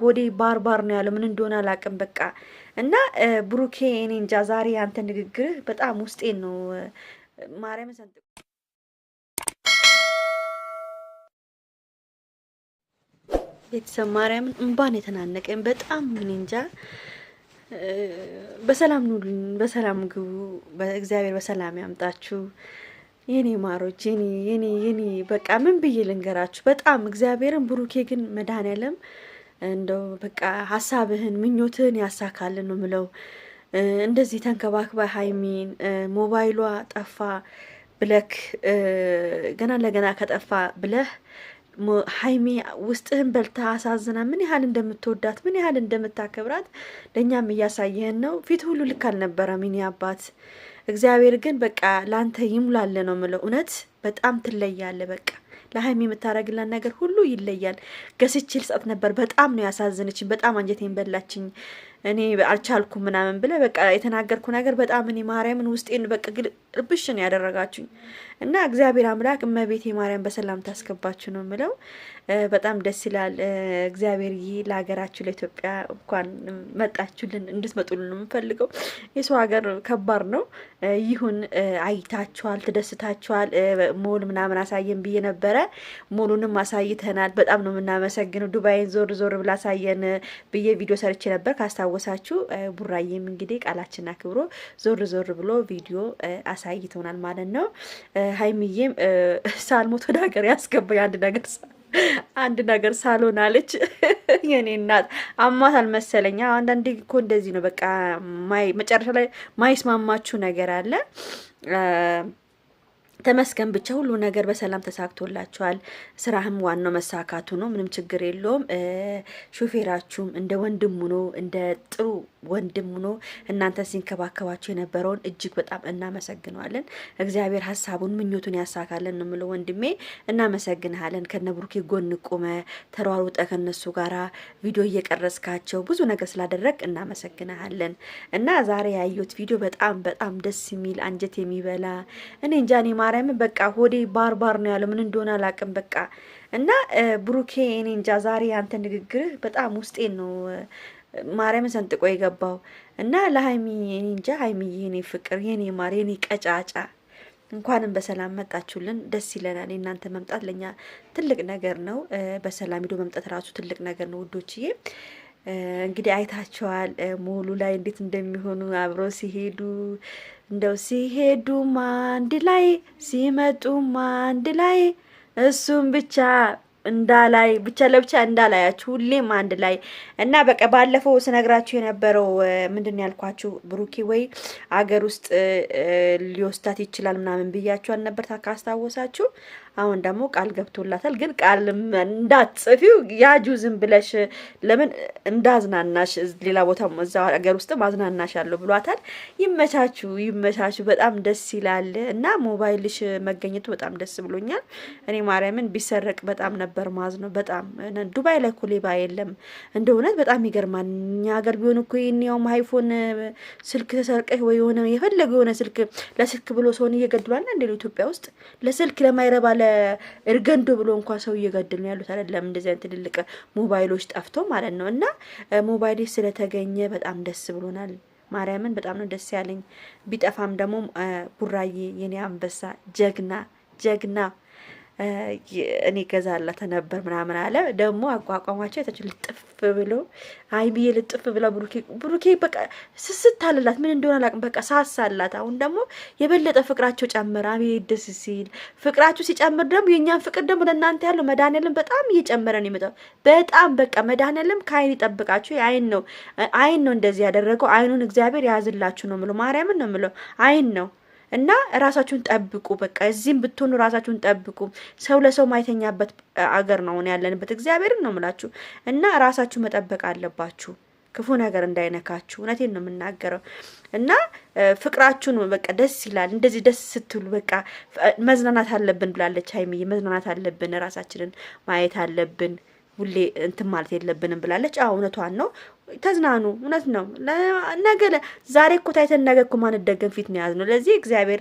ሆዴ ባርባር ነው ያለው። ምን እንደሆነ አላውቅም። በቃ እና ብሩኬ፣ እኔ እንጃ ዛሬ አንተ ንግግርህ በጣም ውስጤን ነው ማርያም ሰንጥ ቤተሰብ ማርያምን እንባን የተናነቀኝ በጣም ምን እንጃ። በሰላም ኑሉኝ፣ በሰላም ግቡ፣ እግዚአብሔር በሰላም ያምጣችሁ። የኔ ማሮች የኔ የኔ የኔ በቃ ምን ብዬ ልንገራችሁ? በጣም እግዚአብሔርን ብሩኬ ግን መድኃኔዓለም እንደው በቃ ሀሳብህን ምኞትህን ያሳካልን ነው ምለው። እንደዚህ ተንከባክባ ሀይሚን ሞባይሏ ጠፋ ብለክ ገና ለገና ከጠፋ ብለህ ሀይሚ ውስጥህን በልታ አሳዝና ምን ያህል እንደምትወዳት ምን ያህል እንደምታከብራት ለእኛም እያሳየህን ነው። ፊት ሁሉ ልክ አልነበረ ይኔ አባት እግዚአብሔር ግን በቃ ለአንተ ይሙላለ ነው ምለው። እውነት በጣም ትለያለ በቃ ለሀይሚ የምታደርግላት ነገር ሁሉ ይለያል። ገስቼ ልጻት ነበር። በጣም ነው ያሳዝነችኝ። በጣም አንጀቴን በላችኝ። እኔ አልቻልኩም ምናምን ብለ በቃ የተናገርኩ ነገር በጣም እኔ ማርያምን ውስጤን በቃ ግልብሽን ያደረጋችሁኝ እና እግዚአብሔር አምላክ እመቤቴ ማርያም በሰላም ታስገባችሁ ነው የምለው። በጣም ደስ ይላል። እግዚአብሔር ይህ ለሀገራችሁ ለኢትዮጵያ እንኳን መጣችሁልን እንድትመጡልን የምፈልገው የሰው ሀገር ከባድ ነው። ይሁን አይታችኋል፣ ትደስታችኋል። ሞል ምናምን አሳየን ብዬ ነበረ። ሞሉንም አሳይተናል። በጣም ነው የምናመሰግነው። ዱባይን ዞር ዞር ብላ አሳየን ብዬ ቪዲዮ ሰርቼ ነበር ካስታ ካስታወሳችሁ ቡራዬም እንግዲህ ቃላችን አክብሮ ዞር ዞር ብሎ ቪዲዮ አሳይቶናል ማለት ነው። ሀይሚዬም ሳልሞት ወደ ሀገር ያስገባኝ አንድ ነገር አንድ ነገር ሳልሆን አለች። የኔ እናት አማታል መሰለኝ። አንዳንዴ እኮ እንደዚህ ነው። በቃ መጨረሻ ላይ ማይስማማችሁ ነገር አለ። ተመስገን ብቻ ሁሉ ነገር በሰላም ተሳክቶላቸዋል። ስራህም ዋናው መሳካቱ ነው። ምንም ችግር የለውም። ሹፌራችሁም እንደ ወንድሙ ነው እንደ ጥሩ ወንድም ሆኖ እናንተ ሲንከባከባቸው የነበረውን እጅግ በጣም እናመሰግነዋለን። እግዚአብሔር ሀሳቡን ምኞቱን ያሳካለን ነው የምለው ወንድሜ፣ እናመሰግንሃለን። ከነብሩኬ ጎን ቁመ ተሯሩጠ ከነሱ ጋር ቪዲዮ እየቀረጽካቸው ብዙ ነገር ስላደረግ እናመሰግንሃለን። እና ዛሬ ያየሁት ቪዲዮ በጣም በጣም ደስ የሚል አንጀት የሚበላ እኔ እንጃኔ ማርያምን በቃ ሆዴ ባርባር ነው ያለው። ምን እንደሆነ አላቅም በቃ እና ብሩኬ እኔ እንጃ ዛሬ ያንተ ንግግርህ በጣም ውስጤን ነው ማርያምን ሰንጥቆ የገባው እና ለሀይሚ እኔ እንጃ ሀይሚ የኔ ፍቅር የኔ ማር የኔ ቀጫጫ እንኳንም በሰላም መጣችሁልን። ደስ ይለናል። የእናንተ መምጣት ለእኛ ትልቅ ነገር ነው። በሰላም ሂዶ መምጣት ራሱ ትልቅ ነገር ነው ውዶችዬ። እንግዲህ አይታችኋል ሞሉ ላይ እንዴት እንደሚሆኑ አብረው ሲሄዱ እንደው ሲሄዱማ አንድ ላይ ሲመጡማ አንድ ላይ እሱም ብቻ እንዳላይ ብቻ ለብቻ እንዳላያችሁ ሁሌም አንድ ላይ እና በቃ ባለፈው ስነግራችሁ የነበረው ምንድን ያልኳችሁ ብሩኪ ወይ አገር ውስጥ ሊወስዳት ይችላል ምናምን ብያችሁ አልነበር? ካስታወሳችሁ። አሁን ደግሞ ቃል ገብቶላታል። ግን ቃል እንዳትጽፊው ያጁ ዝም ብለሽ ለምን እንዳዝናናሽ ሌላ ቦታ እዛ ሀገር ውስጥ ማዝናናሽ አለሁ ብሏታል። ይመቻችሁ፣ ይመቻችሁ። በጣም ደስ ይላል እና ሞባይልሽ መገኘቱ በጣም ደስ ብሎኛል። እኔ ማርያምን ቢሰረቅ በጣም ነበር ነበር ማዝ ነው። በጣም ዱባይ ላይ እኮ ሌባ የለም። እንደ እውነት በጣም ይገርማል። እኛ ሀገር ቢሆን እኮ ይህንያውም አይፎን ስልክ ተሰርቀህ ወይ የሆነ የፈለገ የሆነ ስልክ ለስልክ ብሎ ሰውን እየገድሏል እንደ ኢትዮጵያ ውስጥ ለስልክ ለማይረባ ለእርገንዶ ብሎ እንኳ ሰው እየገድሉ ነው ያሉት አይደለም። እንደዚህ አይነት ትልልቅ ሞባይሎች ጠፍቶ ማለት ነው። እና ሞባይል ስለተገኘ በጣም ደስ ብሎናል። ማርያምን በጣም ነው ደስ ያለኝ። ቢጠፋም ደግሞ ቡራዬ የኔ አንበሳ ጀግና ጀግና እኔ ገዛላት ነበር ምናምን አለ። ደግሞ አቋቋማቸው የታቸው ልጥፍ ብሎ ሀይሚዬ ልጥፍ ብላ ብሩኬ ብሩኬ በቃ ስስት አለላት። ምን እንደሆነ አላውቅም። በቃ ሳስ አላት። አሁን ደግሞ የበለጠ ፍቅራቸው ጨምር። አቤት ደስ ሲል ፍቅራችሁ ሲጨምር ደግሞ የእኛን ፍቅር ደግሞ ለእናንተ ያለው መድኃኒዓለም በጣም እየጨመረ ነው የሚመጣው። በጣም በቃ መድኃኒዓለም ከአይን ይጠብቃችሁ። አይን ነው አይን ነው እንደዚህ ያደረገው። አይኑን እግዚአብሔር ያዝላችሁ ነው ምለው። ማርያምን ነው ምለው። አይን ነው እና ራሳችሁን ጠብቁ። በቃ እዚህም ብትሆኑ ራሳችሁን ጠብቁ። ሰው ለሰው ማይተኛበት አገር ነው ያለንበት። እግዚአብሔርን ነው ምላችሁ እና ራሳችሁ መጠበቅ አለባችሁ። ክፉ ነገር እንዳይነካችሁ። እውነቴን ነው የምናገረው እና ፍቅራችሁን በቃ ደስ ይላል። እንደዚህ ደስ ስትሉ በቃ መዝናናት አለብን ብላለች ሀይሚዬ። መዝናናት አለብን፣ ራሳችንን ማየት አለብን። ሁሌ እንትን ማለት የለብንም ብላለች። አዎ እውነቷን ነው። ተዝናኑ። እውነት ነው። ነገ ዛሬ እኮ ታይተን ነገ እኮ ማንደገም ፊት ነው ለዚህ እግዚአብሔር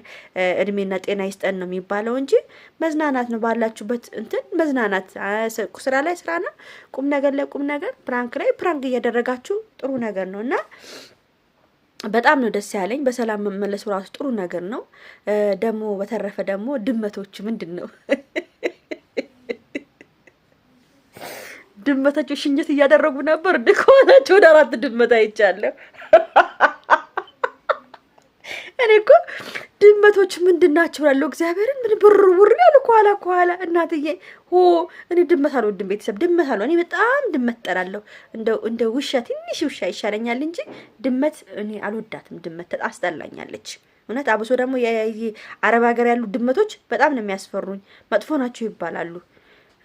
እድሜና ጤና ይስጠን ነው የሚባለው እንጂ መዝናናት ነው። ባላችሁበት እንትን መዝናናት፣ ስራ ላይ ስራና፣ ቁም ነገር ላይ ቁም ነገር፣ ፕራንክ ላይ ፕራንክ እያደረጋችሁ ጥሩ ነገር ነው እና በጣም ነው ደስ ያለኝ። በሰላም መመለሱ ራሱ ጥሩ ነገር ነው። ደግሞ በተረፈ ደግሞ ድመቶች ምንድን ነው ድመታቸው ሽኝት እያደረጉ ነበር። ድኮናቸው ወደ አራት ድመት አይቻለሁ። እኔ እኮ ድመቶች ምንድን ናቸው ላለው እግዚአብሔርን ምን ብርውር ያሉ ከኋላ ከኋላ እናትዬ ሆ እኔ ድመት አልወድም። ቤተሰብ ድመት አለ እኔ በጣም ድመት ጠላለሁ። እንደ ውሻ ትንሽ ውሻ ይሻለኛል እንጂ ድመት እኔ አልወዳትም። ድመት አስጠላኛለች። እውነት አብሶ ደግሞ አረብ ሀገር ያሉ ድመቶች በጣም ነው የሚያስፈሩኝ። መጥፎ ናቸው ይባላሉ።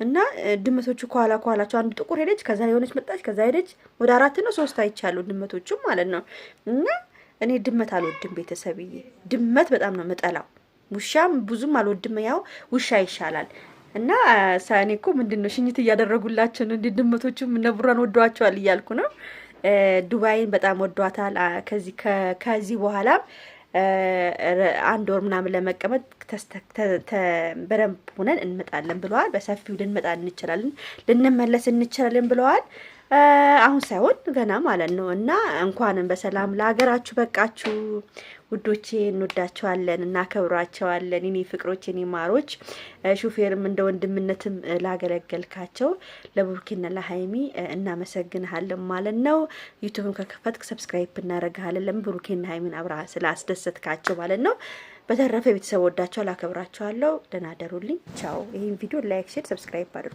እና ድመቶቹ ከኋላ ከኋላቸው አንድ ጥቁር ሄደች፣ ከዛ የሆነች መጣች፣ ከዛ ሄደች። ወደ አራት ነው ሶስት አይቻሉ ድመቶቹም ማለት ነው። እና እኔ ድመት አልወድም ቤተሰብዬ፣ ድመት በጣም ነው መጠላው ውሻም ብዙም አልወድም፣ ያው ውሻ ይሻላል። እና እኔ እኮ ምንድን ነው ሽኝት እያደረጉላቸው ነው እንዲ ድመቶቹም ነብሯን ወደዋቸዋል እያልኩ ነው። ዱባይን በጣም ወዷታል። ከዚህ ከዚህ በኋላም አንድ ወር ምናምን ለመቀመጥ በደንብ ሆነን እንመጣለን ብለዋል። በሰፊው ልንመጣ እንችላለን፣ ልንመለስ እንችላለን ብለዋል። አሁን ሳይሆን ገና ማለት ነው እና እንኳንም በሰላም ለሀገራችሁ በቃችሁ። ውዶቼ እንወዳቸዋለን፣ እናከብሯቸዋለን። የኔ ፍቅሮች፣ የኔ ማሮች፣ ሹፌርም እንደ ወንድምነትም ላገለገልካቸው ለቡርኪና ለሀይሚ እናመሰግንሃለን ማለት ነው። ዩቱብም ከከፈትክ ሰብስክራይብ እናደርግሃለን። ለምን ቡርኪና ሀይሚን አብረሃ ስላስደሰትካቸው ማለት ነው። በተረፈ ቤተሰብ ወዳቸዋል፣ አከብራቸዋለሁ። ደህና ደሩልኝ። ቻው። ይህን ቪዲዮ ላይክ፣ ሼር፣ ሰብስክራይብ አድርጉ።